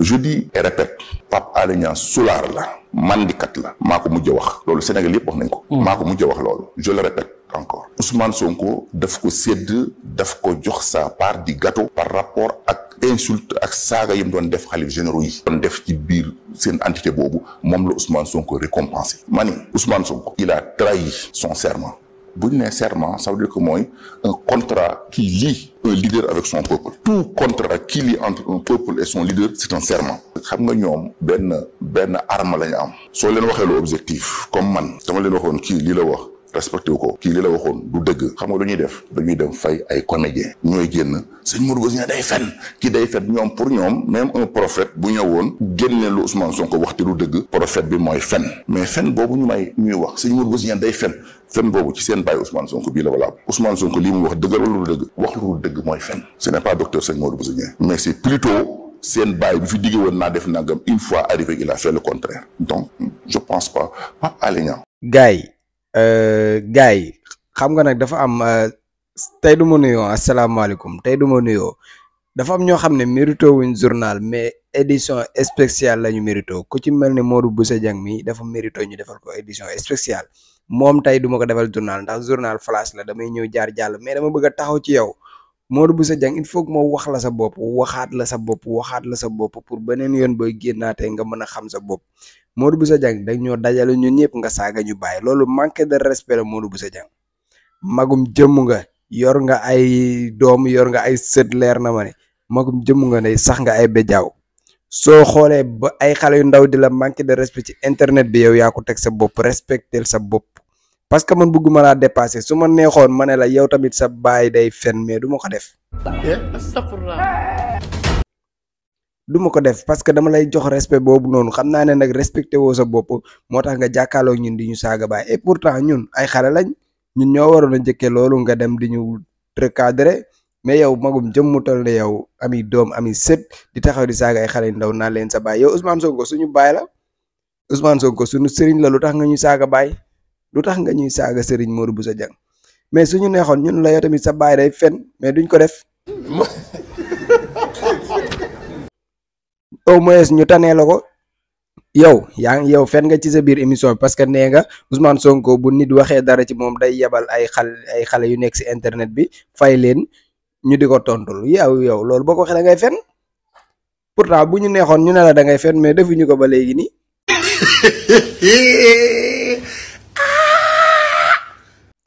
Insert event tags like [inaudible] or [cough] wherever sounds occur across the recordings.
je dis et répète Pape Alé Niang sulaar la mandikat la mako ko wax lolou Sénégal yëpp wax nañ ko mm. maa ko wax lolou je le répète encore Ousmane Sonko daf ko sédd daf ko jox sa part du gâteau par rapport ak insulte ak saga yim mu doon def xalif généraux yi doon def ci bir sen entité bobu mom la Ousmane Sonko récompensé Mani, Ousmane Sonko il a trahi son serment un serment ça veut dire que mooy un contrat qui lie un leader avec son peuple tout contrat qui lie entre un peuple et son leader c'est un serment. xam nga ñoom benn benn arme Si ñu am. un leen lu objectif comme man dama leen waxoon kii le la wax respecté ko ki li la waxoon du deug xam nga lu ñuy def dañuy dem fay ay comédien ñoy genn sëñ Modou Bousso day fen ki day fet ñom pour ñom même un prophète bu ñëwoon génne lu Ousmane Sonko waxte lu deug prophète bi moy fen mais fen bobu ñu may ñuy wax sëñ Modou Bousso day fen fen bobu ci seen bàyyi Ousmane Sonko bi la wala Ousmane Sonko li mu wax dëggal lu deug wax lu deug moy fen ce n'est pas docteur sëñ Modou Bousso mais c'est plutôt seen bàyyi bi fi diggé won na def nagam une fois arrivé il a fait le contraire donc je pense pas pas Alé Niang Euh, gars yi xam nga nag dafa am euh, tey du ma nuyoo asalaamaaleykum tey du ma nuyoo dafa am ñoo xam ne mérito wuñ journal mais édition spéciale la mérito ku ci mel ne Modou Bousso Dieng mi dafa mérito ñu defal ko édition spéciale moom tey du ma ko defal journal ndax journal flash la damay ñëw jaar jàll mais dama bëgg a taxaw ci yow Modou Bousso Dieng il faut que moo wax la sa bopp waxaat la sa bopp waxaat la sa bopp pour beneen yoon booy génnaatee nga mën a xam sa bopp Modou Bousso jang dañ ñoo dajale ñun ñepp nga saga ñu bay lolu manque de respect Modou Bousso magum jëm nga yor nga ay doom yor nga ay sët leer na mané magum jëm nga ne sax nga ay bejaaw so xolé ba ay xalé yu ndaw di la de respect ci internet bi yow ya ko tek sa bop respectel sa bop parce que man bëgguma laa dépasser suma ma mané la yow tamit sa bay day fenn mais duma ko def du ma ko def parce que dama lay jox respect boobu noonu xam naa ne nag respecté woo sa bopp moo tax nga jàkkaarloo ñun di ñu saaga baay et pourtant ñun ay xale lañ ñun ñoo waroon a njëkkee loolu nga dem di ñu recadrer mais yow magum jëm mu toll ne yow ami doom ami sët di taxaw di saaga ay xale ndaw naa leen sa baay yow Ousmane ko suñu baay la Ousmane ko suñu sëriñ la lu tax nga ñuy saaga baay lu tax nga ñuy saaga sëriñ Modou Bousso Dieng mais suñu neexoon ñun la yow tamit sa baay day fen mais duñ ko def. [laughs] au moins ñu tané lako ko yow yaa yow fen nga ci sa bir émission parce que nee nga Ousmane Sonko bu nit waxé dara ci mom day yabal ay xal ay xalé yu nekk ci internet bi fay leen ñu diko tontul yow yow lool boko ko da ngay fen pourtant bu ñu neexoon ñu ne da ngay fen mais defuñu ko ba légui ni [laughs]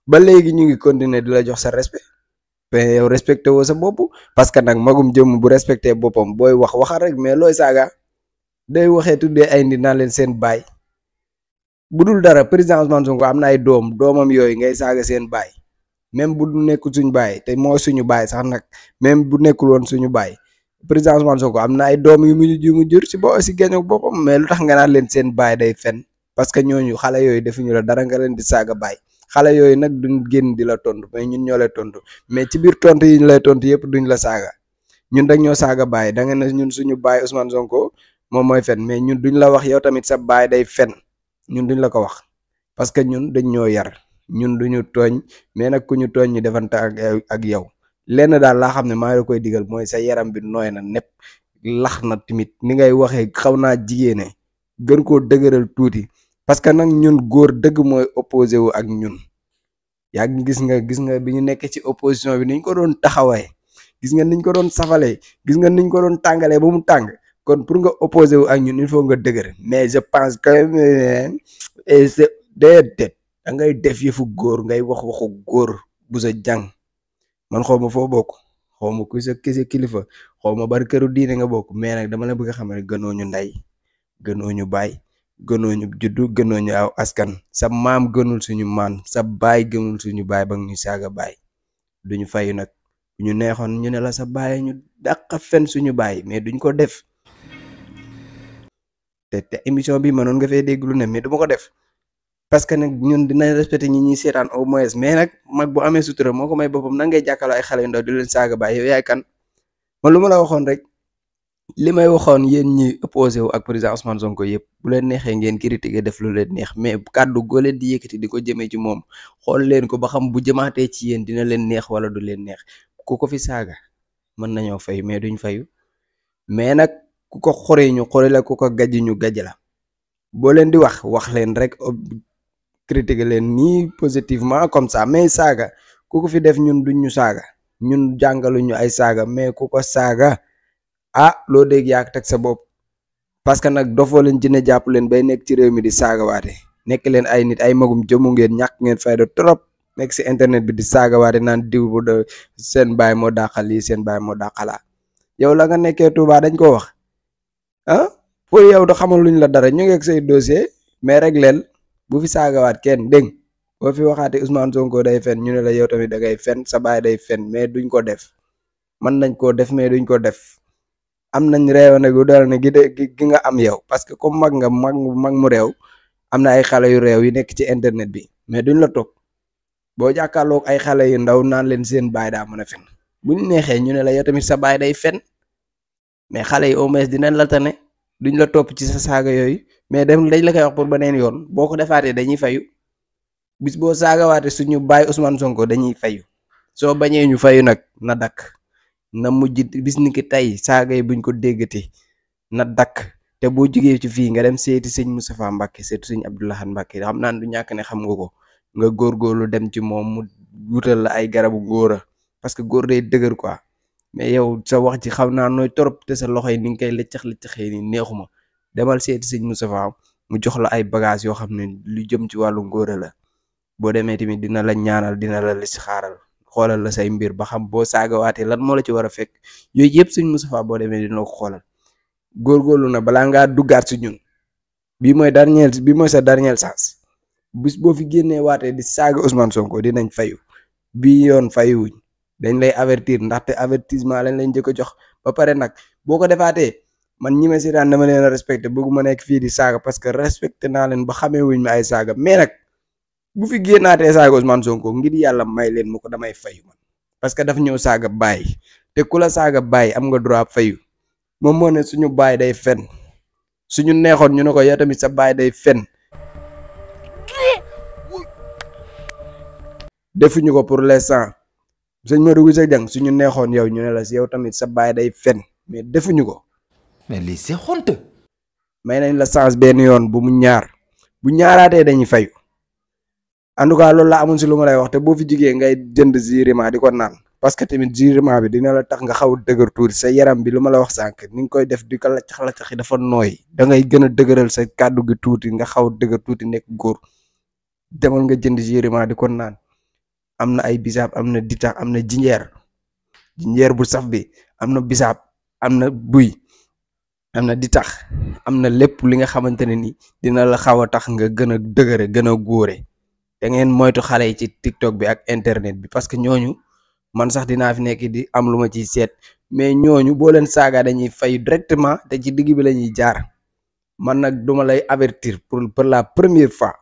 ba légui ñu ngi continuer dila jox sa respect mais yow respecté woo sa bopp parce que nag magum jëmm bu respecté boppam booy wax waxal rek mais looy saaga day waxee tuddee ay ndi naa leen seen baay bu dul dara président Ousmane Sonko am na ay doom doomam yooyu ngay saaga seen baay même bu nekkul suñu baay te mooy suñu baay sax nag même bu nekkul woon suñu baay président Ousmane Sonko am ay doom yu mu yu mu jur si bo si géñoog boppam mais lu tax nga naan leen seen baay day fen parce que ñooñu xale yooyu defuñu la dara nga leen di saaga baay. xale yooyu nag duñ génn di la tontu mais ñun ñoo lay tontu mais ci biir tontu yi lay tontu yëpp duñ la saaga ñun rek ñoo saaga baay da nga ne ñun suñu baay Ousmane Sonko moom mooy fen mais ñun duñ la wax yow tamit sa baay day fen ñun duñ la ko wax parce que ñun dañ ñoo yar ñun duñu tooñ mais nag ku ñu tooñ ñu defanta ak ak yow lenn daal laa xam ne maa ngi koy digal mooy sa yaram bi nooy na nepp lax na tamit ni ngay waxee xaw naa jigéene gën koo dëgëral tuuti parce que nag ñun góor dëgg mooy opposé wu ak ñun yaa gis nga gis nga bi ñu nekkee ci opposition bi niñ ko doon taxawaay gis nga niñ ko doon safalee gis nga niñ ko doon tàngalee ba mu tàng kon pour nga opposé wu ak ñun il faut nga dëgër mais je pense que eh, c'est déedéet da ngay def yëfu góor ngay wax waxu góor bu sa jàng man xaw ma foo bokk xaw ma ku sa ki kilifa xaw ma bar këru diine nga bokk mais nag dama la bëgg a xam ne gënoo ñu ndey gënoo ñu bàyyi. gënoo ñu juddu gënoo ñu aw askan sa maam gënul suñu maan sa baay gënul suñu baay ba ñu saaga baay duñu fay nag ñu neexoon ñu ne la sa baay ñu dàq fen suñu baay mais duñ ko def te te émission bi mënoon nga fee dégg ne mais du ma ko def parce que nag ñun dinañ respecté ñi ñuy seetaan au moins mais nag mag bu amee sutura moo ko may boppam nan ngay jàkkaarloo ay xale yu ndaw di leen saaga baay yow yaay kan man lu ma la waxoon rek. li may waxoon yéen ñi opposé wu ak président Ousmane Sonko yëpp bu leen neexee ngeen critiquer def lu leen neex mais kàddu goo leen di yëkkati di ko jëmee ci moom xool leen ko ba xam bu jëmaatee ci yéen dina leen neex wala du leen neex ku ko fi saaga mën nañoo fay mais duñ fayu mais nag ku ko xoree ñu xore la ku ko gajj ñu gaj la boo leen di wax wax leen rek critiquer leen nii positivement comme ça mais saaga ku ko fi def ñun duñ ñu saaga ñun jàngaluñu ay saaga mais ku saaga. ah loo dégg yaa teg sa bopp parce que nag dofoo leen jëne jàpp leen bay nekk ci réew mi di saagawaate nekk leen ay nit ay magum jëmu ngeen ñàkk ngeen fayda trop nekk si internet bi di saagawaate naan diw bu de seen baay moo dàqal lii seen baay moo dàqalaa yow la nga nekkee Touba dañ koo wax ah pour yow da xamal luñ la dara ñu ngeeg say dossier mais rek leel bu fi saagawaat kenn dégg boo fi waxaate Ousmane Sonko day fen ñu ne la yow tamit dangay fen sa baay day fen mais duñ ko def mën nañ koo def mais duñ ko def am nañ réewane gu dool ne gi de gi nga am yow parce que comme mag nga mag mag mu réew am na ay xale yu réew yu nekk ci internet bi mais duñ la toog boo jàkkaarloog ay xale yu ndaw naan leen seen baay daa mën a fen ñu neexee ñu ne la yow tamit sa baay day fen mais xale yi au moins dinañ la tane duñ la topp ci sa saaga yooyu mais dem dañ la koy wax pour beneen yoon boo ko defaatee dañuy fayu bis boo su ñu baay Ousmane Sonko dañuy fayu soo bañee ñu fayu nag na dakk na mujj bis ni tey saaga yi buñ ko déggati na dakk te boo jógee ci fii nga dem seeti sëñ Moustapha Mbacke seeti sëñ Abdoulahan Mbacke xam naan du ñàkk ne xam nga ko nga lu dem ci moom mu wutal la ay garabu góor a parce que góor day dëgër quoi mais yow sa wax ci xaw naa nooy torop te sa loxo yi ni nga koy lëccax lëccaxee ni ma demal seeti sëñ Moustapha mu jox la ay bagage yoo xam ne lu jëm ci wàllu ngóora la boo demee tamit dina la ñaanal dina la listixaaral xolal la say mbir ba xam saga saagawaatee lan mo la ci wara a fekk yooyu yëpp suñ Moustapha boo dina ko xoolal na bala nga duggaat ci ñun bi moy dernier bi moy sa dernier sens bis bo fi génné waté di saga Ousmane Sonko dinañ fayu yon fayu wuñ dañ lay avertir té avertissement lañ lañ jëkko jox ba paré nak boko défaté man ñi ma si daan dama leen a respecté bëgguma nek fi di saga parce que respecté naa leen ba xamé wuñ ma ay saaga mais nak bu fi génnaatee saaga Ousmane Sonko ngir yàlla may leen ma ko damay fay man parce que daf ñëw saaga baay te ku la saaga baay am nga droit fayu moom moo ne suñu baay day fen suñu neexoon ñu ne ko yow tamit sa baay day fen defuñu ko pour l'instant sëñ Modou Goussé Dieng suñu neexoon yow ñu ne la si yow tamit sa baay day fen mais defuñu ko. mais lii c'est honte. may nañ la chance benn yoon bu mu ñaar bu ñaaraatee dañuy fayu. en tout cas loolu la amoon si lu ma lay wax te boo fi jigee ngay jënd Zirima di ko naan parce que tamit Zirima bi dina la tax nga xaw a dëgër tuuti sa yaram bi lu ma la wax sànq ni nga koy def di ko laccax laccax yi dafa nooy da ngay gën a dëgëral sa kàddu gi tuuti nga xaw dëgër tuuti nekk góor demoon nga jënd Zirima di ko naan am na ay bisaab am na di ditax am na jinjeer jinjeer bu saf bi am na bisaab am na buy am na di tax am na lépp li nga xamante ne ni dina la xaw a tax nga gën a dëgëre gën a góore da ngeen moytu xalé ci tiktok bi ak internet bi parce que ñooñu man sax dina fi nekk di am luma ma set mais ñooñu bo leen saga dañuy fay directement te ci digg bi lañuy jaar man nak duma lay avertir pour pour la première fois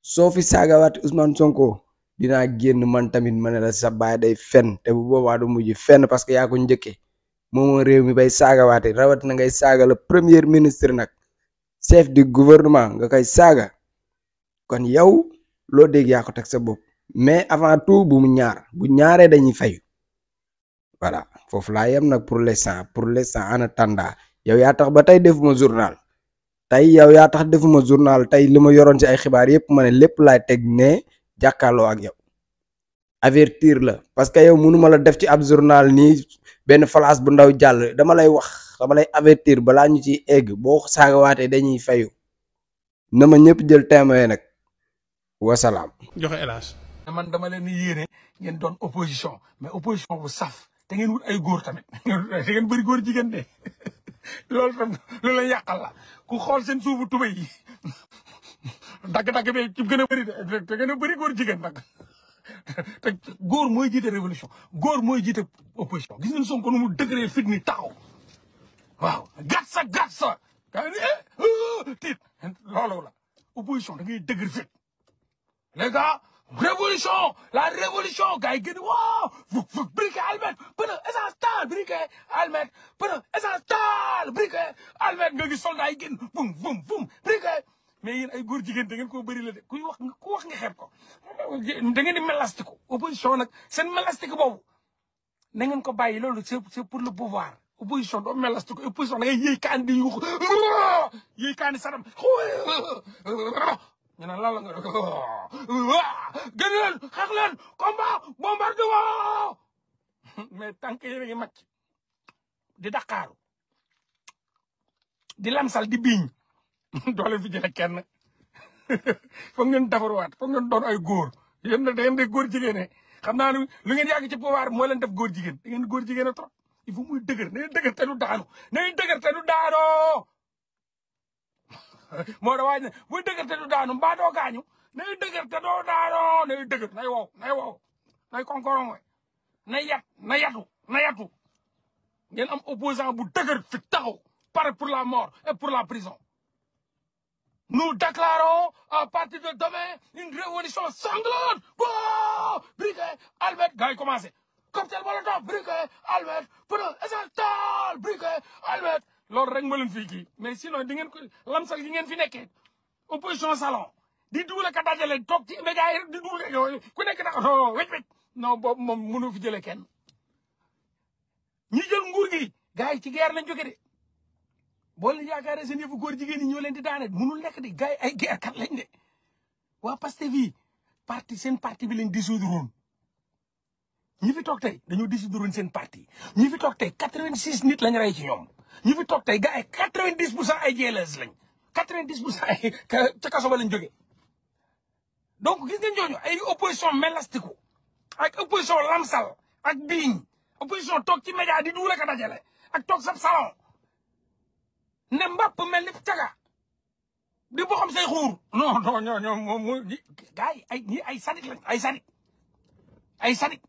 so fi wat Ousmane Sonko dina genn man tamit ma la sa bay day fenn te bu boba du mujj fenn parce que ya ko rew mi bay saagawaate rawat na ngay saga le premier ministre nak chef du gouvernement nga kay saga kon yow loo dégg yaa ko teg sa bopp mais avant tout bu mu ñaar bu ñaaree dañuy fayu voilà foofu laa yem nag pour l'instant pour l'instant en attendant yow yaa tax ba tey defuma journal tey yow yaa tax defuma journal tey li ma yoroon si ay xibaar yëpp ma ne lépp laay teg ne jàkkaaloo ak yow avertir la parce que yow mënuma la def ci ab journal nii benn flash bu ndaw jàll dama lay wax dama lay avertir balaa ñu ciy egg boo saagawaatee dañuy fayu na ma ñëpp jël témoin nag wasalaam. joxe elas man dama len ni yene ngeen don opposition mais opposition bu saf te ngeen wut ay góor tamit [laughs] te ngeen bari góor jigen de [laughs] lol tam loolu la yakal la ku xol sen soufu tubéy dag dag be ci gëna bari de te gën bari bëri jigen dag [laughs] te góor moy jité révolution góor moy jité opposition gis son ko nu mu dëgëree fit ni taw waaw gàtt sa gàtt ni gaa yi eh, oh, la opposition da ngay degré fit les gars révolution la révolution gars yi génn waaw briquet almet pneu essence taal briquet almet pneu essence taal briquet almet nga gis soldat yi génn vum vum vum briquet mais yéen ay góor jigéen da ngeen koo bëri la de kuy wax ku wax nga xeeb ko da ngeen di melastiku opposition nag seen melastiku boobu na ngeen ko bàyyi loolu c'est c'est pour le pouvoir opposition doo melastiku opposition da ngay yëy kaan di yuux [laughs] yëy kaan di saram [laughs] ñu naan la nga doon waa gën leen xeex leen combat bombardement mais tànk yéen a ngi màcc di Dakar di lamsal di biiñ [laughs] doole fi jëlee kenn [laughs] foog ngeen defarwaat foog ngeen doon ay góor yéen da ngeen di góor jigéen xam naa ne lu ngeen yàgg ci pouvoir moo leen def góor jigéen da ngeen góor jigéen trop il faut muy dëgër na ngeen [laughs] du daanu we que na yatu na yatu am opposant bu fi taxaw pour la mort et pour la prison nous déclarons à partir de demain une révolution sanglante oh briquet Albert gars commencé que molotov briquet Albert que ça, briquet Albert loolu rek ma fi fii kii mais sinon di ngeen ko lamsal yi ngeen fi nekkee opposition salon di dugal ka dajale toog ci média yi di dugal yooyu ku nekk nag non wécc wécc non boobu moom fi jëlee kenn. ñi jël nguur gi gars yi ci guerre lañ jóge de boo leen yaakaaree seen yëfu góor jigéen ñi ñoo leen di daane mënul nekk di gars yi ay guerre kat lañ de waa Pastef yi parti seen parti bi lañ dissoudre woon ñi fi toog tey dañoo dissoudre woon seen parti ñi fi toog tey quatre vingt nit lañ rey ci ñoom. ñi fi toog tey gars yi quatre vingt dix pour cent ay JLS lañ quatre vingt dix pour cent ay ca kaso ba lañ jógee donc gis nga ñooñu ay opposition mélastiku ak opposition lamsal ak biiñ opposition toog ci média di duur ak a ak toog sab salon ne mbàpp mel ni caga di boo xam say xuur non non ñoo ñoo moom mu ay ñi ay sadik lañ ay sadik ay sadik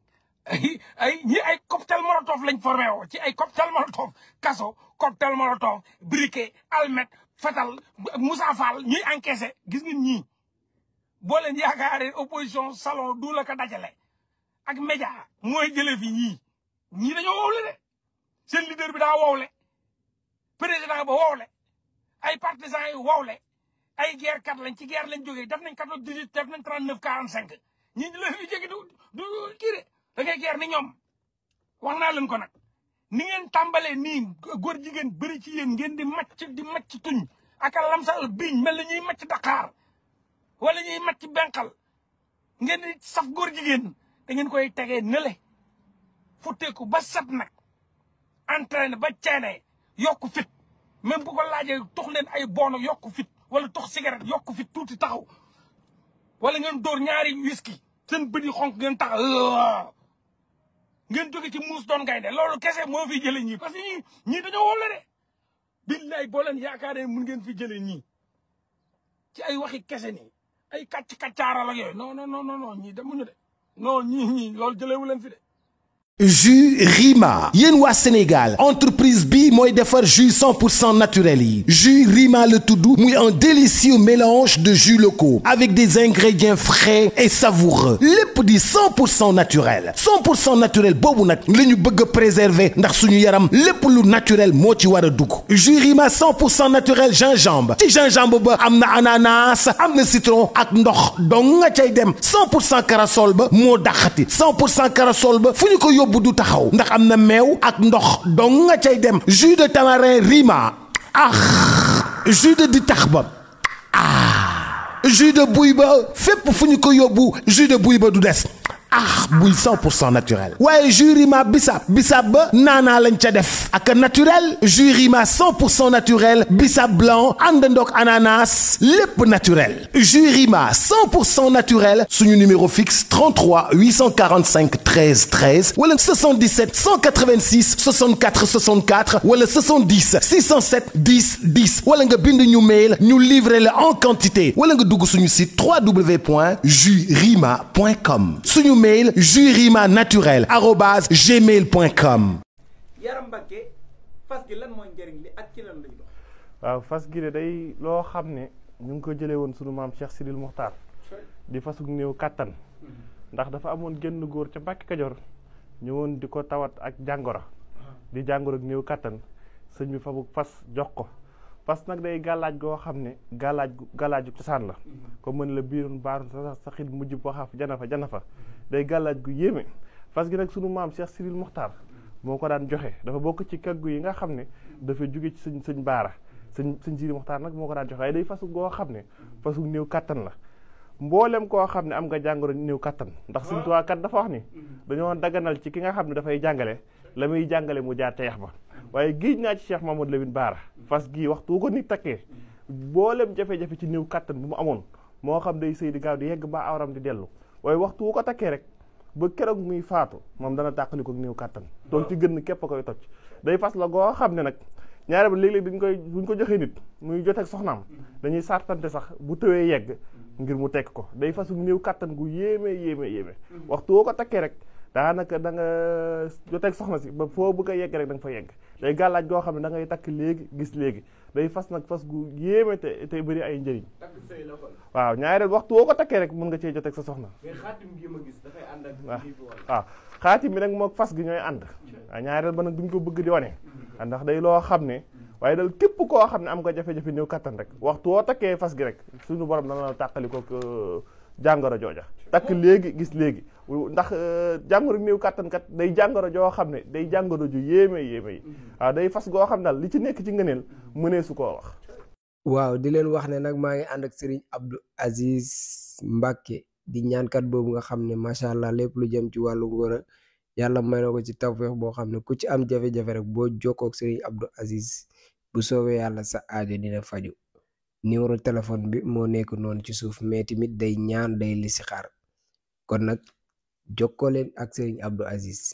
ay ñi ay cocktail molotov lañ formé ci ay cocktail molotov kaso cocktail molotov briquet almet fatal musa Fall ñuy encaissé gis ngeen ñii boo leen yaakaaree opposition salon du la ko dajale ak média mooy jëlee fi ñii ñii dañoo wowle de seen leader bi daa wowle président ba wowle ay partisans yi wowle ay guerre kat lañ ci guerre lañ jógee def nañ quatorze dix-huit def nañ trente neuf quarante cinq ñii ñu leen fi jóge du du kii de da ngay guerre ni ñoom wax naa leen ko nag ni ngeen tàmbalee nii góor jigéen bëri ci ngeen di màcc di màcc tuñ ak a lamsal biiñ mel la ñuy màcc daqaar wala ñuy màcc benqal ngeen di saf góor jigéen da ngeen koy tegee nële futteeku ba sat nag entraîné ba ceenee yokku fit même bu ko laajee tox leen ay boono yokku fit wala tox cigarette yokku fit tuuti taxaw wala ngeen dóor ñaari whisky seen bët yi xonk ngeen taxaw ngeen jóge ci muus doon gaynde lool kese moo fi jëlee ñii parce que ñii ñii dañoo wóor la de. billaay boo leen yaakaaree mun ngeen fi jëlee ñii ci ay waxi kese nii ay kàcc kàccaaral ak yooyu non non non non ñii demuñu de non ñii ñii loolu jëlee wu leen fi de. jus Rima yéen Sénégal entreprise bi Moy defar jus 100 naturel jus Rima tout doux un délicieux mélange de jus locaux avec des ingrédients frais et savoureux Les di 100 naturel 100 naturel boobu nag la ñu bëgg préserver ndax suñu yaram Les lu naturel Moi ci jus Rima 100 naturel gingembre ti gingembre ba amna ananas Amna citron ak ndox donc 100 carasolbe. d'achati. 100 carasolbe. cent bu du taxaw ndax am na meew ak ndox dong nga cay dem jus de tamarin rima ah jus de di tax ba ah jus buy ba fépp fu ñu ko yóbbu jude de buy ba du des ah 100% naturel Ouais, Jurima bisab bisab nana lenchadef. lañ naturel 100% naturel bisab blanc Andendok ananas Lip naturel Jurima 100% naturel suñu numéro fixe 33 845 13 13 wala 77 186 64 64 wala 70 607 10 10 wala nga de nous mail nous livrer en quantité wala nga dugg nous site www.jurima.com mail jurima naturel gmail.com fas gi waaw fas gi de day loo xam ne ñu ngi ko jëlee woon di fasug néew di ko di jàngoro ak néew kàttan sëñ fas jox fas nag day gàllaaj goo xam ne gàllaaj gàllaaju cosaan la mën mm-hmm. jana fa jana day gàllaaj gu yéeme fas gi nag sunu maam Cheikh Cyril Mokhtar moo ko daan joxe dafa bokk ci kaggu yi nga xam ne dafa jóge ci sëñ sëñ baara sëñ sëñ Cyril Mokhtar nag moo ko daan joxe waaye day fasu goo xam ne fasu néew kattan la mboolem koo xam ne am nga jàngoro néew kattan ndax sëñ Tuubaa kat dafa wax ni dañoo daganal ci ki nga xam ne dafay jàngale la muy jàngale mu jaar ca yax ba géej naa ci Cheikh Mamadou Lamine Baara fas gii waxtu ko nit takkee mboolem jafe-jafe ci néew kattan bu mu amoon moo xam day sëy di gaaw di yegg ba awram di dellu waaye waxtu wu ko takkee rek ba keroog muy faatu moom dana tàqali ko néew kàttan doon ci gën képp koy toj day fas la goo xam ne nag ñaare ba léeg-léeg dañ koy buñ ko joxee nit muy joteeg soxnaam dañuy sartante sax bu tëwee yegg ngir mu tekk ko day fasu néew kàttan gu yéeme yéeme yéeme mm-hmm. waxtu woo ko takkee rek daanaka da nga tek soxna ci ba fo bu ko yegg rek da nga fa yegg day galaj go xamne da ngay tak léegi gis léegi day fas nak fas gu yeme te te bëri ay njëriñ waaw ñaareel waxtu woko takke rek mën nga ci jotek sa soxna waaw khatim bi nak moo fas gi ñoy and waaw ñaareel ba nak duñ ko bëgg di wone ndax day lo xamne waye dal kep ko xamne am nga jafé jafé ñew katan rek waxtu wo takke fas gi rek suñu borom dana la takaliko ko euh, jangoro jojja tak léegi gis léegi ndax euh, jàngoro néew kàttan kat day jàngoro joo xam ne day jàngoro ju yéeme yéeme yi waaw mm-hmm. ah, day fas goo xam daal li ci nekk ci ngëneel mm-hmm. mënee su koo wax waaw di leen wax ne nag maa ngi ànd ak Serigne Abdou Aziz Mbacke di ñaankat boobu nga xam ne macha allah lépp lu jëm ci wàllu ngóor yàlla may ko ci taw tawfeex boo xam ne ku ci am jafe-jafe rek boo jokkoo ak Serigne Abdou bu soowee yàlla sa aajo dina faju numéro téléphone bi moo nekk noonu ci suuf mais tamit day ñaan day listixaar kon nag jokkoo leen ak Serigne Abdou Aziz